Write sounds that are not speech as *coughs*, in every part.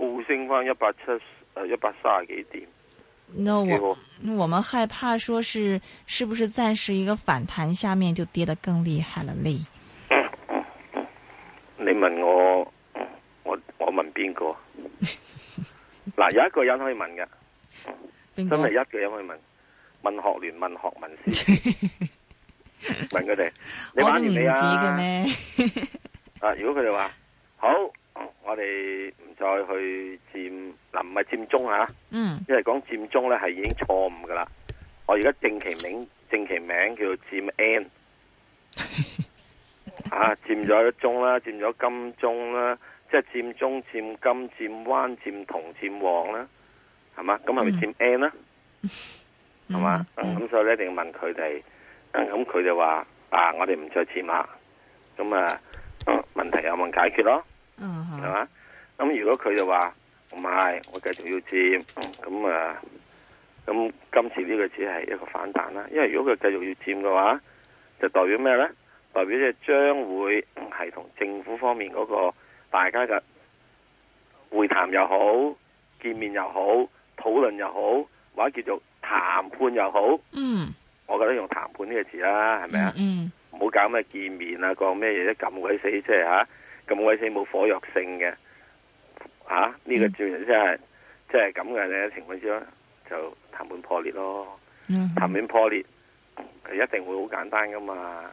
都升翻一百七誒、呃、一百三十幾點，那我那我們害怕，說是是不是暫時一個反彈，下面就跌得更厲害了咧？你問我，我我問邊個？嗱， *laughs* 有一個人可以問嘅，真係一個人可以問，問學聯、問學問、 *laughs* 問先。問佢哋，我都唔知嘅咩？ *laughs* 啊，如果佢哋話好。我哋唔再去占嗱，唔係占中吓、啊，mm. 因為講占中咧係已經錯誤噶啦。我而家正其名，正其名叫做占 N, *laughs* 啊啊啊啊、N 啊，占咗一中啦，占咗金中啦，即係占中、占金、占灣、占銅、占旺啦，係嘛？咁係咪占 N 啦？係嘛？咁所以一定要問佢哋，咁佢哋話啊，我哋唔再占啦，咁啊，啊，問題有冇解決咯？Uh-huh. 嗯，係嘛？咁如果佢就話唔係，我繼續要佔咁、嗯嗯、啊？咁、嗯、今次呢個只係一個反彈啦。因為如果佢繼續要佔嘅話，就代表咩咧？代表即係將會係同政府方面嗰個大家嘅會談又好，見面又好，討論又好，或者叫做談判又好。嗯、mm.，我覺得用談判呢個詞啦，係咪啊？嗯，mm-hmm. 唔好搞咩見面啊，講咩嘢都咁鬼死即係吓。咁危險冇火藥性嘅，啊！呢、這個人真係即係咁嘅咧情況之下，就談判破裂咯。談、嗯、判破裂佢、嗯、一定會好簡單噶嘛，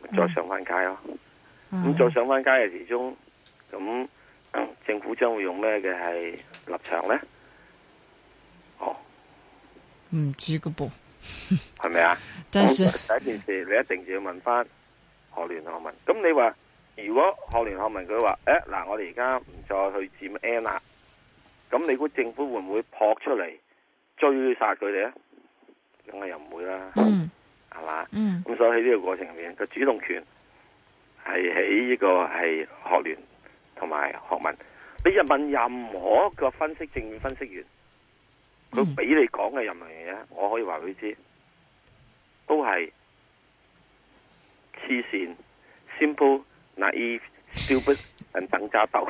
咪再上翻街咯。咁、嗯、再上翻街嘅時鐘，咁、嗯嗯、政府將會用咩嘅係立場咧？哦，唔知噶噃，係 *laughs* 咪啊？但是第一件事，你一定要問翻何聯同我問。咁你話？如果學聯學民佢話，誒、欸、嗱，我哋而家唔再去佔 N 啦，咁你估政府會唔會撲出嚟追殺佢哋咧？梗係又唔會啦，係、mm. 嘛？咁、mm. 所以喺呢個過程入面，個主動權係喺呢個係學聯同埋學民。你一問任何個分析正面分析員，佢俾你講嘅任何嘢，我可以話俾你知，都係黐線先鋪。Simple, 嗱，伊少不人等揸斗，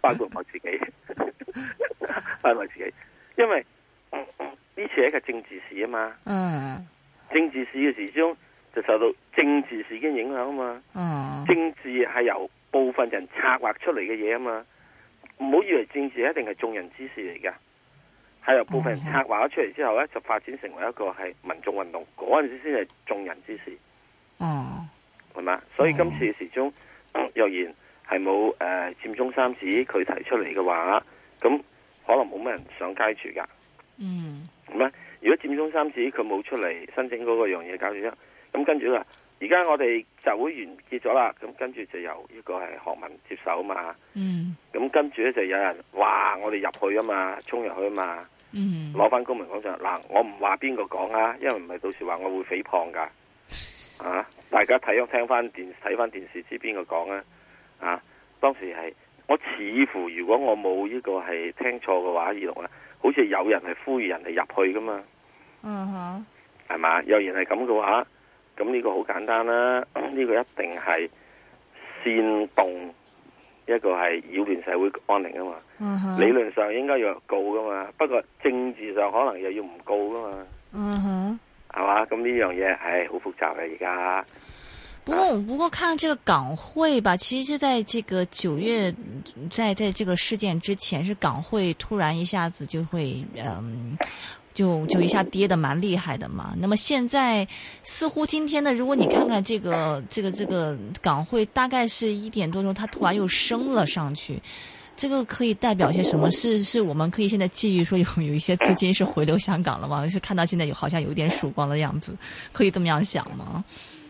包括我自己， *laughs* 包括我自己，因為呢次係一個政治事啊嘛，嗯、mm.，政治事嘅時鐘就受到政治事件影響啊嘛，mm. 政治係由部分人策劃出嚟嘅嘢啊嘛。唔好以為政治一定係眾人之事嚟噶，係由部分人策劃咗出嚟之後咧，就發展成為一個係民眾運動，嗰陣時先係眾人之事，嗯、mm.。係嘛？所以今次始終若然係冇誒佔中三子佢提出嚟嘅話，咁可能冇乜人上街住噶。嗯，咁咧，如果佔中三子佢冇出嚟申請嗰個樣嘢搞住咧，咁跟住啦，而家我哋集會完結咗啦，咁跟住就由呢個係學民接手嘛。嗯，咁跟住咧就有人話我哋入去啊嘛，衝入去啊嘛。嗯，攞翻公民廣場。」嗱，我唔話邊個講啊，因為唔係到時話我會誹謗噶。啊！大家睇咗聽翻電睇翻電視知邊個講啊！啊，當時係我似乎如果我冇呢個係聽錯嘅話，二龍好似有人係呼籲人哋入去噶嘛？嗯哼，係嘛？若然係咁嘅話，咁呢個好簡單啦、啊。呢、嗯呢個一定係煽動，一個係擾亂社會安寧啊嘛。嗯哼、理論上應該要告噶嘛，不過政治上可能又要唔告噶嘛。嗯哼。係嘛？咁呢樣嘢係好複雜嘅而家。不過不過，看這個港匯吧，其實是在這個九月，在在這個事件之前，是港匯突然一下子就會，嗯，就就一下跌得蠻厲害的嘛。那麼現在似乎今天呢，如果你看看這個這個這個港匯，大概是一點多鐘，它突然又升了上去。這個可以代表些什麼？是是我們可以現在寄予說有有一些資金是回流香港了嗎？就是看到現在有好像有點曙光的樣子，可以這麼樣想嗎？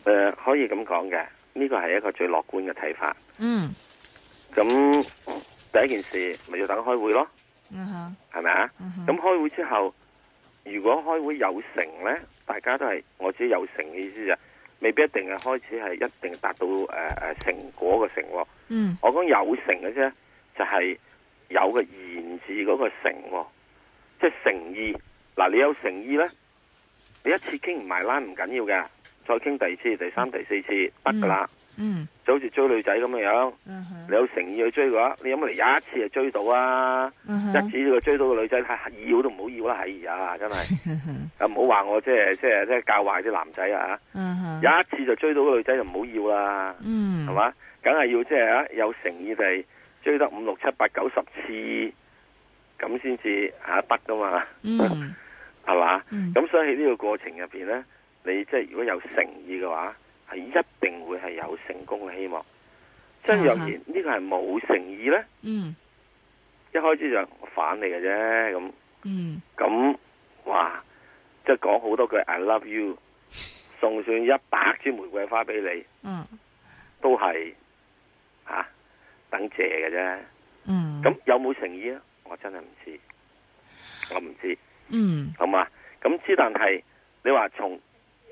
誒、呃，可以咁講嘅，呢、這個係一個最樂觀嘅睇法。嗯。咁第一件事咪要等開會咯。嗯、uh、哼 -huh.。係咪啊？咁開會之後，如果開會有成呢，大家都係我自己有成嘅意思就未必一定係開始係一定達到誒誒、呃、成果嘅成果。嗯。我講有成嘅啫。就係、是、有個言字嗰個誠、哦，即係誠意。嗱，你有誠意咧，你一次傾唔埋欄唔緊要嘅，再傾第二次、第三、第四次得噶啦。嗯，就好似追女仔咁樣樣、嗯嗯。你有誠意去追嘅話，你有冇嚟一次就追到啊？嗯嗯、一次就追到個女仔，要都唔好要啦。而家，真係、嗯嗯就是就是、啊，唔好話我即係即係即係教壞啲男仔啊，有一次就追到個女仔就唔好要啦。係係嘛，梗係要即係啊，嗯就是、有誠意就追得五六七八九十次，咁先至吓得噶嘛？嗯，係 *laughs* 嘛？咁、嗯、所以呢個過程入邊呢，你即係如果有誠意嘅話，係一定會係有成功嘅希望。即、嗯、係、就是、若然呢個係冇誠意呢，嗯，一開始就反你嘅啫咁。嗯、咁哇，即係講好多句 I love you，送上一百支玫瑰花俾你。嗯、都係，吓、啊。等借嘅啫，嗯，咁、嗯、有冇誠意啊？我真係唔知，我唔知，嗯，好嘛？咁之但係你話從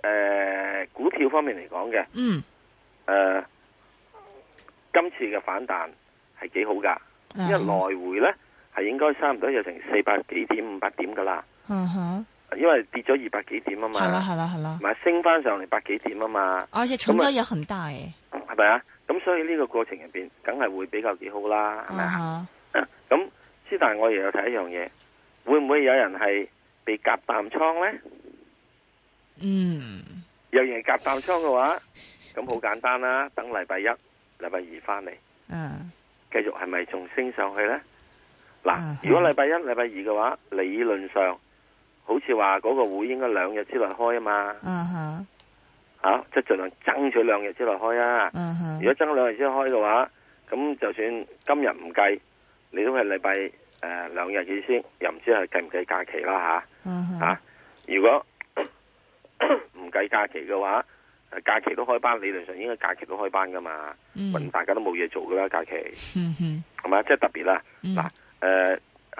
誒股票方面嚟講嘅，嗯，誒、呃，今次嘅反彈係幾好噶、嗯？因為來回咧係應該差唔多有成四百幾點五百點噶啦，嗯哼，因為跌咗二百幾點啊嘛，係啦，係啦，係啦，升翻上嚟百幾點啊嘛，而且重咗也很大誒，係咪啊？咁所以呢個過程入邊，梗係會比較幾好啦，係咪？咁之但，我又有睇一樣嘢，會唔會有人係被夾淡倉呢？嗯、mm.，有人夾淡倉嘅話，咁好簡單啦，等禮拜一、禮拜二返嚟，嗯、uh -huh.，繼續係咪仲升上去呢？嗱，uh -huh. 如果禮拜一、禮拜二嘅話，理論上好似話嗰個會應該兩日之內開啊嘛。Uh -huh. 啊！即係盡量爭取兩日之內開啊！如果爭兩日之內開嘅話，咁就 *coughs* 算今日唔計，你都係禮拜誒兩日先，又唔知係計唔計假期啦吓。如果唔計假期嘅話，假期都開班，理論上應該假期都開班噶嘛。咁、mm -hmm. 大家都冇嘢做噶啦，假期係咪、mm -hmm.？即係特別啦。嗱、mm -hmm. 啊，誒、呃，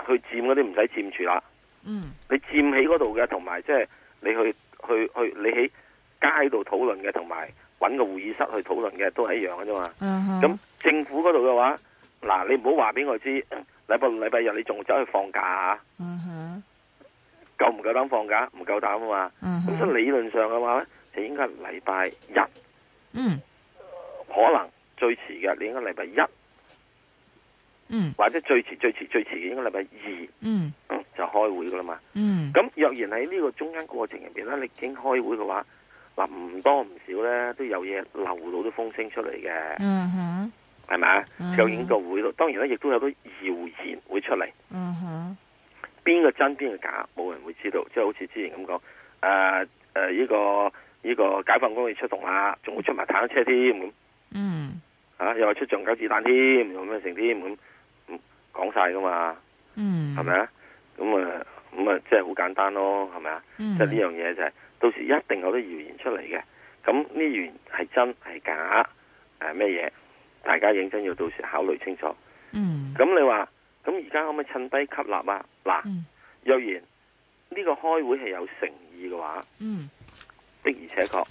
去佔嗰啲唔使佔住啦。嗯、mm -hmm.，你佔喺嗰度嘅，同埋即係你去去去，你喺。街度討論嘅，同埋揾個會議室去討論嘅，都係一樣嘅啫嘛。咁、uh -huh. 政府嗰度嘅話，嗱你唔好話俾我知，禮拜六、禮拜日你仲走去放假啊？夠唔夠膽放假？唔夠膽啊嘛。咁、uh -huh. 所以理論上嘅話，就應該禮拜日。嗯、mm.，可能最遲嘅你應該禮拜一。嗯、mm.。或者最遲最遲最遲嘅應該禮拜二。嗯、mm.。就開會噶啦嘛。咁、mm. 若然喺呢個中間過程入邊咧，你經開會嘅話。嗱唔多唔少咧，都有嘢流到啲風聲出嚟嘅，係咪啊？Uh -huh. 有演個會，當然咧，亦都有啲謠言會出嚟。嗯哼，邊個真邊個假，冇人會知道。即係好似之前咁講，誒、呃、誒，呢、呃這個呢、這個解放軍會出動、uh -huh. 啊，仲會出埋坦克車添咁。嗯，啊又係出橡膠子彈添，咁樣剩添咁，講晒噶嘛。嗯、uh -huh.，係咪啊？咁啊咁啊，即係好簡單咯，係咪啊？即係呢樣嘢就係、就是。到時一定有啲謠言出嚟嘅，咁呢謠言係真係假，係咩嘢？大家認真要到時考慮清楚。嗯。咁你話，咁而家可唔可以趁低吸納啊？嗱、啊，若然呢個開會係有誠意嘅話，嗯，的而且確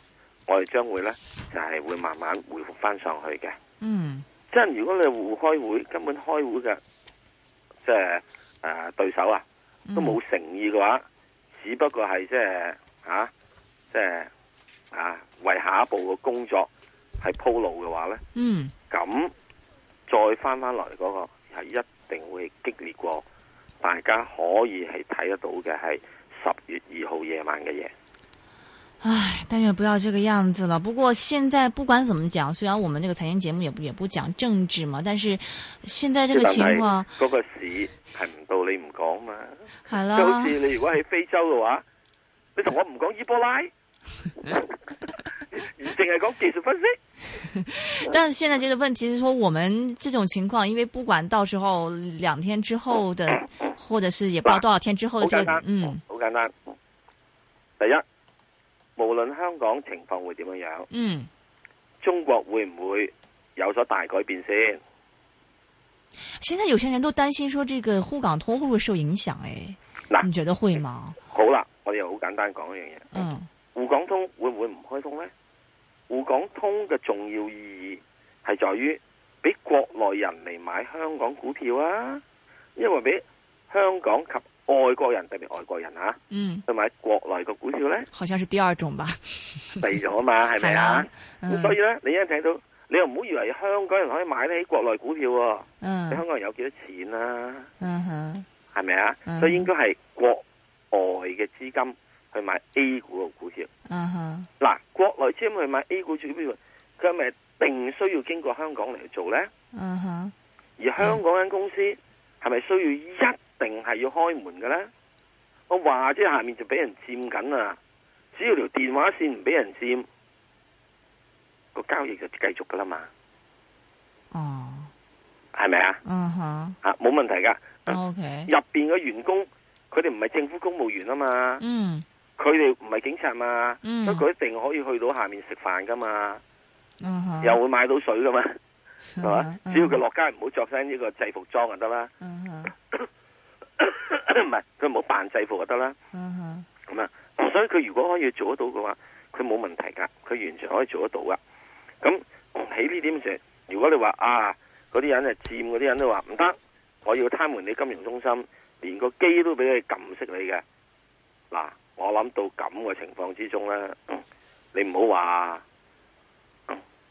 我哋將會呢，就係、是、會慢慢回復翻上去嘅。嗯。即係如果你會開會，根本開會嘅即係誒對手啊，都冇誠意嘅話、嗯，只不過係即係。就是吓、啊，即係啊為下一步嘅工作係鋪路嘅話咧，嗯，咁再翻翻落嚟嗰個係一定會激烈過，大家可以係睇得到嘅係十月二號夜晚嘅嘢。唉，但願不要這個樣子了。不過現在不管怎麼講，雖然我們呢個財經節目也不也不講政治嘛，但是現在這個情況，嗰個市係唔到你唔講嘛，係啦，好似你如果喺非洲嘅話。你同我唔講伊波拉，淨係講技術分析。 *laughs* 但係現在這個問題是說，我們這種情況，因為不管到時候兩天之後的，嗯、或者是也不知道多少天之後的、這個，這嗯，好簡單，第一，無論香港情況會點樣樣，嗯，中國會唔會有所大改變先？現在有些人都擔心說，這個滬港通會不會受影響，哎？誒，你覺得會嗎？好啦。我哋又好簡單講一樣嘢。嗯，滬港通會唔會唔開通呢？滬港通嘅重要意義係在於俾國內人嚟買香港股票啊，因為俾香港及外國人特別外國人啊，嗯，去買國內嘅股票呢，好像是第二種吧，第二種嘛係咪 *laughs* 是啊？ *laughs* 所以呢，你一聽到你又唔好以為香港人可以買得起國內股票。啊，你、嗯、香港人有幾多錢啊？嗯係咪啊、嗯？所以應該係國。外嘅資金去買 A 股嘅股票，嗱、uh -huh.，國內資金去買 A 股做邊個？佢係咪定需要經過香港嚟做呢？Uh -huh. Uh -huh. 而香港間公司係咪需要一定係要開門嘅呢？我話即係下面就俾人佔緊啊！只要條電話線唔俾人佔，個交易就繼續噶啦嘛。哦，係咪啊？冇、uh -huh. 啊、問題噶。入邊嘅員工。佢哋唔係政府公務員啊嘛，佢哋唔係警察嘛，嗯、所以佢一定可以去到下面食飯噶嘛、嗯，又會買到水噶嘛，係、嗯、嘛、嗯？只要佢落街唔好着翻呢個制服裝就得啦，唔、嗯、係，佢唔好扮制服就得啦。咁、嗯、啊，所以佢如果可以做得到嘅話，佢冇問題噶，佢完全可以做得到噶。咁喺呢點上，如果你話啊嗰啲人係佔嗰啲人都話唔得，我要癱瘓你金融中心。連個機都俾佢撳熄你嘅。嗱，我諗到咁嘅情況之中咧，你唔好話，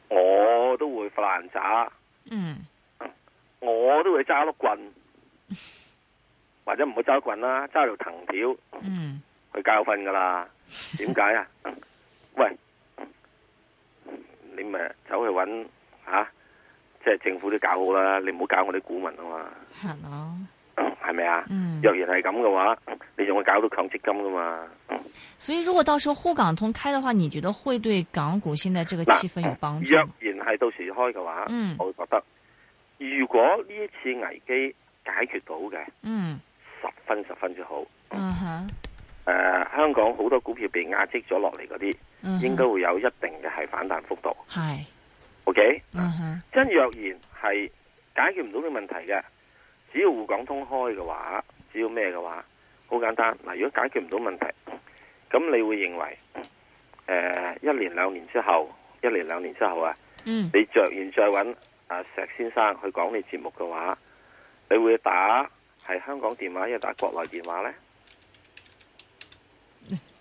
我都會發爛渣，嗯，我都會揸碌棍，或者唔好揸碌棍啦，揸條藤條，嗯，去教訓噶啦，點解啊？ *laughs* 喂，你咪走去搵啊，即係政府都搞好啦，你唔好搞我啲股民啊嘛，係咯。係咪啊？嗯，若然係咁嘅話，你仲會搞到強積金噶嘛？嗯，所以如果到時候滬港通開嘅話，你覺得會對港股現在這個氣氛有幫助、呃？若然係到時開嘅話，嗯，我會覺得如果呢一次危機解決到嘅，嗯，十分十分之好。嗯哼，誒、嗯呃，香港好多股票被壓積咗落嚟嗰啲，應該會有一定嘅係反彈幅度。係、嗯、，OK，嗯哼，真若然係解決唔到嘅問題嘅。只要滬港通開嘅話，只要咩嘅話，好簡單。嗱，如果解決唔到問題，咁你會認為，誒、呃，一年兩年之後，一年兩年之後啊，嗯，你著完再揾阿、啊、石先生去講你節目嘅話，你會打係香港電話，一係打國內電話呢？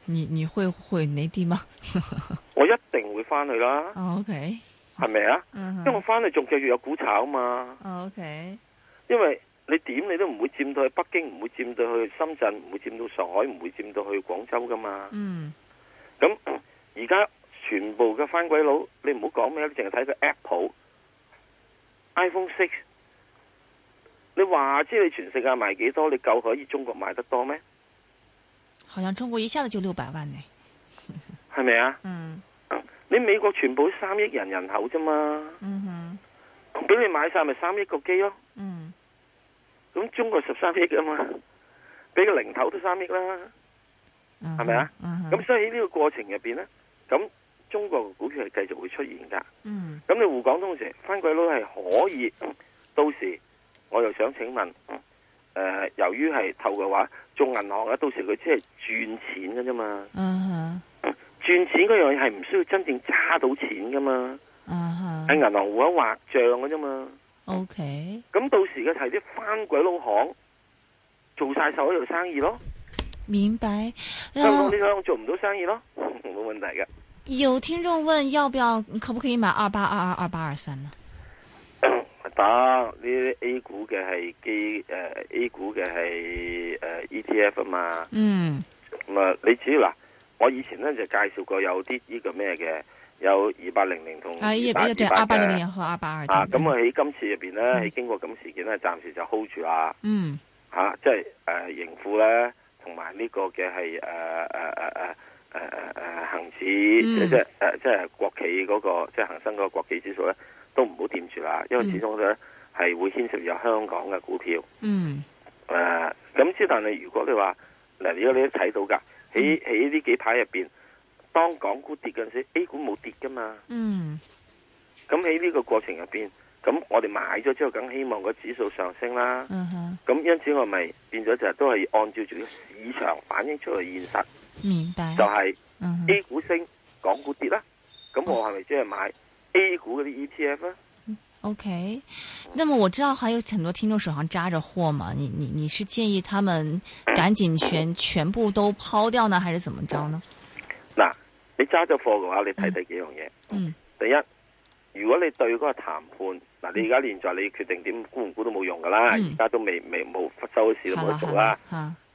你你會會呢啲嗎？ *laughs* 我一定會翻去啦。Oh, OK，係咪啊？Uh -huh. 因為我翻去仲繼續有股炒嘛。Oh, OK，因為。你點你都唔會佔到去北京，唔會佔到去深圳，唔會佔到上海，唔會佔到去廣州，噶嘛？嗯。咁而家全部嘅翻鬼佬，你唔好講咩，你淨係睇佢 Apple iPhone Six。你話知你全世界賣幾多，你夠可以中國賣得多咩？好像中國一下子就六百萬呢？係 *laughs* 咪啊？嗯。你美國全部三億人人口啫嘛？嗯哼。俾你買晒咪三億個機咯。咁中國十三億啊嘛，俾個零頭都三億啦，係咪啊？咁、uh -huh。所以呢個過程入邊咧，咁中國嘅股票係繼續會出現噶。咁、uh -huh。你滬港通時，翻鬼佬係可以到時，我又想請問，誒、呃，由於係投嘅話做銀行啊，到時佢即係賺錢嘅啫嘛。嗯，賺錢嗰樣嘢係唔需要真正揸到錢噶嘛。嗯哼，喺銀行戶口劃賬嘅啫嘛。O K，咁到時嘅係啲翻鬼佬行，做晒手度生意咯。明白。香港做唔到生意咯？冇問題噶。有聽眾問要唔要可唔可以買二八二二二八二三打呢？啲、嗯啊、A 股嘅係基誒，A 股嘅係誒 E T F 啊嘛。嗯。咁、嗯、啊，你知啦，我以前咧就介紹過有啲呢個咩嘅。有二八、啊這個、零零同二八二八二啊咁啊喺今次入邊咧，喺、嗯、經過咁事件咧，暫時就 hold 住啦。嗯、啊，嚇，即係誒、呃、盈富咧，同埋呢個嘅係誒誒誒誒誒誒恆指，嗯呃、即係誒、呃、即係國企嗰、嗰個，即係恒生嗰個國企指數咧，都唔好掂住啦，因為始終咧係、嗯、會牽涉有香港嘅股票。嗯，誒咁即，但係如果你話嗱，如果你都睇到㗎，喺喺呢幾排入邊。當港股跌嗰陣時候，A 股冇跌噶嘛？嗯。咁喺呢個過程入邊，咁我哋買咗之後，梗希望個指數上升啦。嗯哼。咁因此我咪變咗就係都係按照住市場反映出去現實。明、嗯、白。就係、是、A 股升、嗯，港股跌啦。咁我係咪即係買 A 股嗰啲 ETF 啊？O K。嗯 okay. 那麼我知道還有很多聽眾手上揸着貨嘛，你你你是建議他們趕緊全 *coughs* 全部都拋掉呢，還是怎麼着呢？ *coughs* 你揸咗貨嘅話，你睇第幾樣嘢。嗯嗯。第一，如果你對嗰個談判，嗱，你而家現在你決定點估唔估都冇用噶啦，而、嗯、家都未未冇發生嘅事冇得做啦。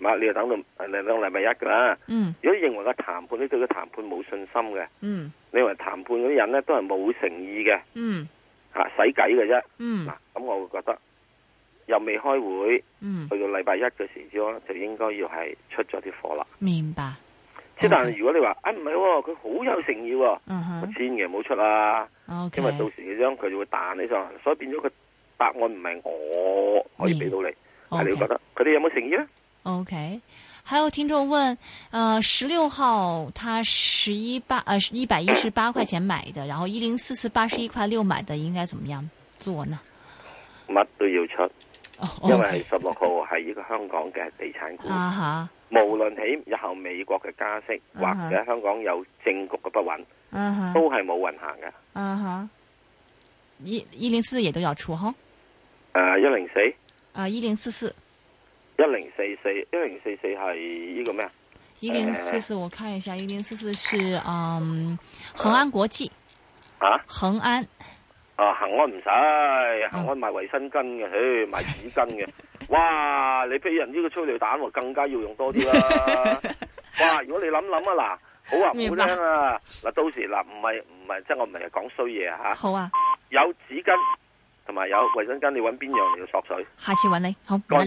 嘛，你又等到兩禮拜一噶啦，嗯。如果你認為嗰個談判，你對嗰個談判冇信心嘅，嗯，你認為談判嗰啲人咧都係冇誠意嘅，吓，嗯啊，使計嘅啫。咁，嗯啊，我會覺得又未開會，去到禮拜一嘅時之，就應該要係出咗啲貨啦。明白。即但係如果你話，啊唔係，佢好、哦、有誠意、喎，uh -huh. 我千祈唔好出啦、啊，okay. 因為到時佢將佢就會彈你上，所以變咗個答案唔係我可以俾到你，係、mm. okay. 你會覺得佢哋有冇誠意咧？OK，還有聽眾問，誒、呃，十六號，他十一八，誒，一百一十八塊錢買的， *coughs* 然後一零四四八十一塊六買的，應該怎麼樣做呢？乜都要出，因為十六號係一個香港嘅地產股啊吓。Uh -huh. 無論喺日後美國嘅加息，uh -huh. 或者香港有政局嘅不穩，uh -huh. 都係冇運行嘅。嗯、uh、哼 -huh. 104? uh,，一一零四四亦都要出嗬，誒、um，一零四。啊，一零四四。一零四四，一零四四係呢個咩啊？一零四四，我看一下，一零四四是嗯恒安國際。啊、uh -huh.？恒安。啊、uh -huh.，恒安唔使，恒安賣衛生巾嘅，去賣紙巾嘅。哇！你畀人呢個催淚彈，更加要用多啲啦、啊。 *laughs* 哇！如果你諗諗啊，嗱，好啊，好聽啊，嗱，到時嗱，唔係唔係，即係我唔係講衰嘢吓。好啊，有紙巾同埋有衛生巾，你揾邊樣嚟要索水？下次揾你好。